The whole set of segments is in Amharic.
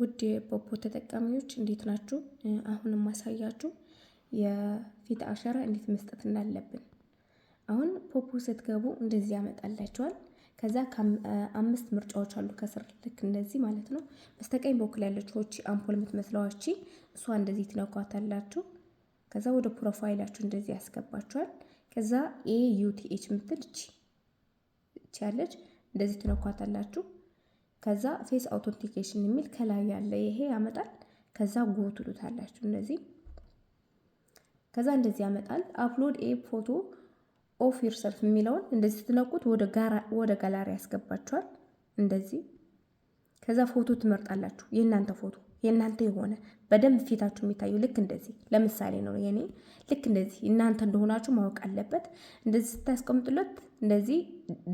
ውድ የፖፖ ተጠቃሚዎች እንዴት ናችሁ? አሁን ማሳያችሁ የፊት አሻራ እንዴት መስጠት እንዳለብን። አሁን ፖፖ ስትገቡ እንደዚህ ያመጣላችኋል። ከዛ አምስት ምርጫዎች አሉ ከስር ልክ እንደዚህ ማለት ነው። በስተቀኝ በኩል ያለች አምፖል የምትመስለዋ እሷ እንደዚህ ትነኳታላችሁ። ከዛ ወደ ፕሮፋይላችሁ እንደዚህ ያስገባችኋል። ከዛ ኤ ዩቲኤች ምትል እቺ እቺ ያለች እንደዚህ ትነኳታላችሁ። ከዛ ፌስ አውቶንቲኬሽን የሚል ከላይ ያለ ይሄ ያመጣል። ከዛ ጎ ትሉታላችሁ እንደዚህ። ከዛ እንደዚህ ያመጣል። አፕሎድ ኤ ፎቶ ኦፍ ዩርሰልፍ የሚለውን እንደዚህ ስትነቁት ወደ ጋላሪ ያስገባችኋል። እንደዚህ ከዛ ፎቶ ትመርጣላችሁ። የእናንተ ፎቶ የእናንተ የሆነ በደንብ ፊታችሁ የሚታዩ ልክ እንደዚህ ለምሳሌ ነው የኔ ልክ እንደዚህ እናንተ እንደሆናችሁ ማወቅ አለበት። እንደዚህ ስታስቀምጡለት እንደዚህ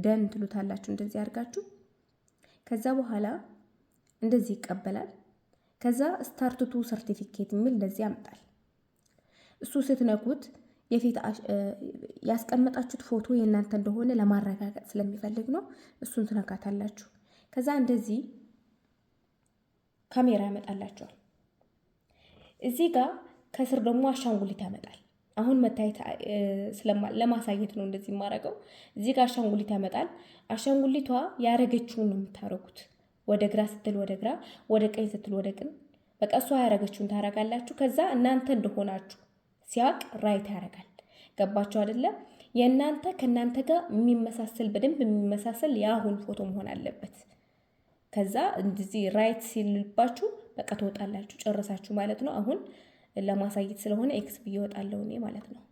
ደን ትሉታላችሁ እንደዚህ አድርጋችሁ ከዛ በኋላ እንደዚህ ይቀበላል። ከዛ ስታርትቱ ሰርቲፊኬት የሚል እንደዚህ ያመጣል። እሱ ስትነኩት የፊት ያስቀመጣችሁት ፎቶ የእናንተ እንደሆነ ለማረጋገጥ ስለሚፈልግ ነው። እሱን ትነካታላችሁ። ከዛ እንደዚህ ካሜራ ያመጣላችኋል። እዚህ ጋር ከስር ደግሞ አሻንጉሊት ያመጣል። አሁን መታየት ለማሳየት ነው እንደዚህ የማደርገው። እዚህ ጋር አሻንጉሊት ያመጣል። አሻንጉሊቷ ያረገችውን ነው የምታረጉት። ወደ ግራ ስትል ወደ ግራ፣ ወደ ቀኝ ስትል ወደ ቀኝ። በቃ እሷ ያረገችውን ታረጋላችሁ። ከዛ እናንተ እንደሆናችሁ ሲያቅ ራይት ያረጋል። ገባችሁ አይደለም? የእናንተ ከእናንተ ጋር የሚመሳሰል በደንብ የሚመሳሰል የአሁን ፎቶ መሆን አለበት። ከዛ እንደዚህ ራይት ሲልባችሁ በቃ ትወጣላችሁ ጨረሳችሁ ማለት ነው አሁን ለማሳየት ስለሆነ ኤክስ ብዬ እወጣለሁ እኔ ማለት ነው